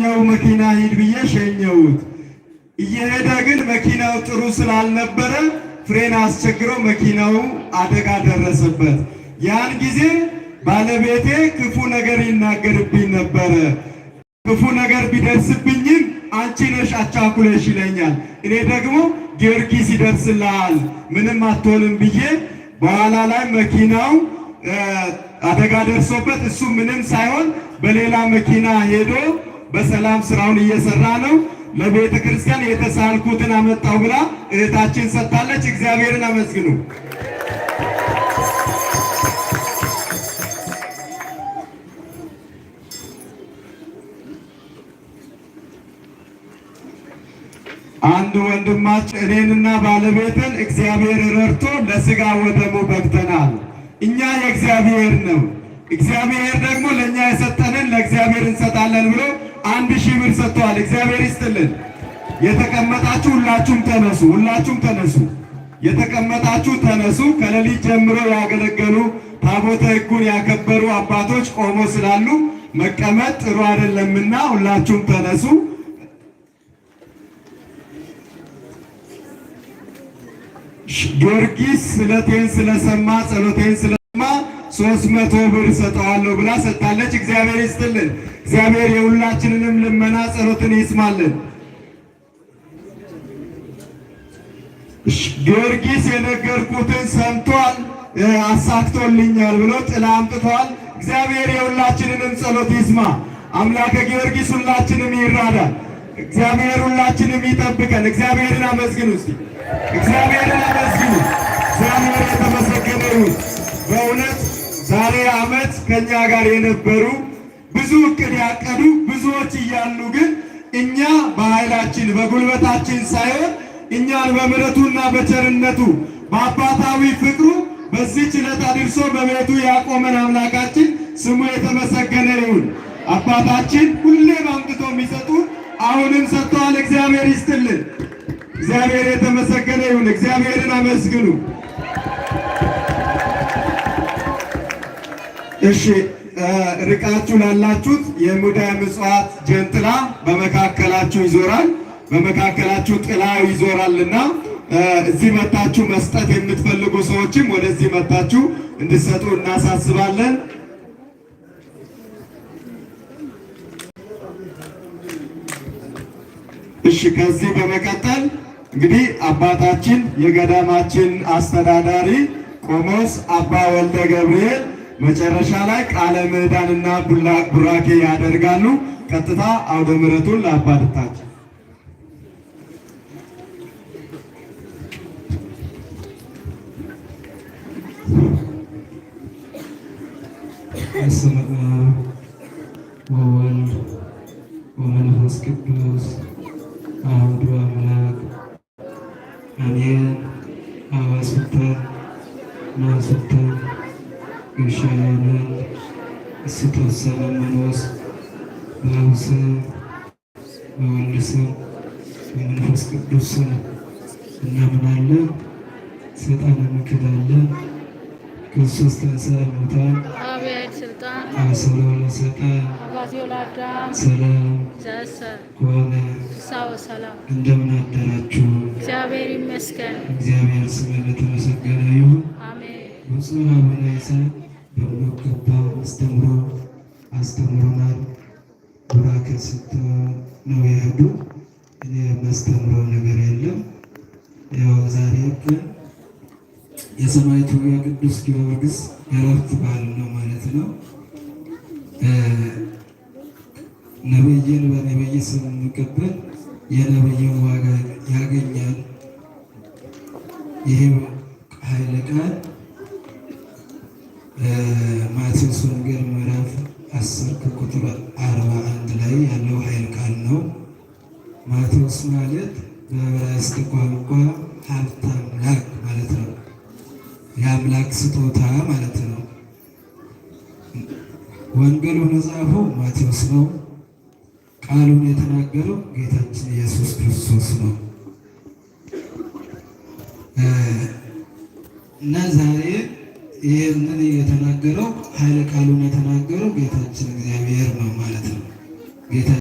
ኛው መኪና ሂድ ብዬ ሸኘውት እየሄደ ግን መኪናው ጥሩ ስላልነበረ ፍሬን አስቸግሮ መኪናው አደጋ ደረሰበት። ያን ጊዜ ባለቤቴ ክፉ ነገር ይናገርብኝ ነበረ። ክፉ ነገር ቢደርስብኝም አንቺ ነሽ አቻኩለሽ ይለኛል። እኔ ደግሞ ጊዮርጊስ ይደርስልሃል ምንም አትሆንም ብዬ በኋላ ላይ መኪናው አደጋ ደርሶበት እሱ ምንም ሳይሆን በሌላ መኪና ሄዶ በሰላም ስራውን እየሰራ ነው። ለቤተ ክርስቲያን የተሳልኩትን አመጣው ብላ እህታችን ሰጥታለች። እግዚአብሔርን አመስግኑ። አንድ ወንድማች እኔንና ባለቤትን እግዚአብሔር ረድቶ ለስጋ ወደሙ በቅተናል። እኛ የእግዚአብሔር ነው፣ እግዚአብሔር ደግሞ ለእኛ የሰጠንን ለእግዚአብሔር እንሰጣለን ብሎ አንድ ሺህ ብር ሰጥተዋል። እግዚአብሔር ይስጥልን። የተቀመጣችሁ ሁላችሁም ተነሱ፣ ሁላችሁም ተነሱ። የተቀመጣችሁ ተነሱ። ከሌሊት ጀምሮ ያገለገሉ ታቦተ ሕጉን ያከበሩ አባቶች ቆሞ ስላሉ መቀመጥ ጥሩ አይደለምና ሁላችሁም ተነሱ። ጊዮርጊስ ስለቴን ስለሰማ ጸሎቴን ስለ ሶስት መቶ ብር ሰጠዋለሁ ብላ ሰጥታለች። እግዚአብሔር ይስጥልን። እግዚአብሔር የሁላችንንም ልመና ጸሎትን ይስማልን። ጊዮርጊስ የነገርኩትን ሰምቷል፣ አሳክቶልኛል ብሎ ጥላ አምጥተዋል። እግዚአብሔር የሁላችንንም ጸሎት ይስማ። አምላከ ጊዮርጊስ ሁላችንም ይራዳል። እግዚአብሔር ሁላችንም ይጠብቀን። እግዚአብሔርን አመስግኑ እስቲ፣ እግዚአብሔርን አመስግኑ። እግዚአብሔር የተመሰገነ ይሁን በእውነት የዛሬ ዓመት ከእኛ ጋር የነበሩ ብዙ እቅድ ያቀዱ ብዙዎች እያሉ ግን እኛ በኃይላችን በጉልበታችን ሳይሆን እኛን በምረቱና በቸርነቱ በአባታዊ ፍቅሩ በዚህ ችለት አድርሶ በቤቱ ያቆመን አምላካችን ስሙ የተመሰገነ ይሁን። አባታችን ሁሌም አምጥቶ የሚሰጡ አሁንም ሰጥተዋል። እግዚአብሔር ይስጥልን። እግዚአብሔር የተመሰገነ ይሁን። እግዚአብሔርን አመስግኑ። እሺ ርቃችሁ ላላችሁት የሙዳየ ምጽዋት ጀንጥላ በመካከላችሁ ይዞራል፣ በመካከላችሁ ጥላው ይዞራልና እዚህ መታችሁ መስጠት የምትፈልጉ ሰዎችም ወደዚህ መታችሁ እንድትሰጡ እናሳስባለን። እሺ ከዚህ በመቀጠል እንግዲህ አባታችን የገዳማችን አስተዳዳሪ ቆሞስ አባ ወልደ ገብርኤል መጨረሻ ላይ ቃለ ምዕዳንና ቡራኬ ያደርጋሉ። ቀጥታ አውደ ምሕረቱን ለአባልታች በስመ አብ ወወልድ ወመንፈስ ቅዱስ አሐዱ አምላክ አሜን። እስቶስ ዘበመንፈስ በአብ ስም በወልድ ስም በመንፈስ ቅዱስ ስም እናምናለን። ስልጣነ ምክዳለን ክርስቶስ ተንሥአ እሙታን አሰሮ ለሰይጣን ሰላም ከሆነ እንደምን አደራችሁ? እግዚአብሔር ይመስገን። እግዚአብሔር ስም የተመሰገነ ይሁን። ብፁዕ አቡነ ይስሐቅ በሚገባ አስተምሮ አስተምሮናል። ቡራኬ ስቶ ነው የሄዱ። እኔ የማስተምረው ነገር የለም። ያው ዛሬ ግን የሰማዕቱ የቅዱስ ጊዮርጊስ የረፍት በዓል ነው ማለት ነው። ነብይን በነብይ ስም የሚቀበል የነብይን ዋጋ ያገኛል። ይህም ኃይለ ቃል ማቴዎስ ወንጌል ምዕራፍ አስር ከቁጥር 41 ላይ ያለው ኃይል ቃል ነው። ማቴዎስ ማለት በዕብራይስጥ ቋንቋ ሀብተ አምላክ ማለት ነው። የአምላክ ስጦታ ማለት ነው። ወንጌሉን የጻፈው ማቴዎስ ነው። ቃሉን የተናገረው ጌታችን ኢየሱስ ክርስቶስ ነው እና ዛሬ ይህንን የተናገረው ኃይለ ቃሉን የተናገረው ጌታችን እግዚአብሔር ነው ማለት ነው።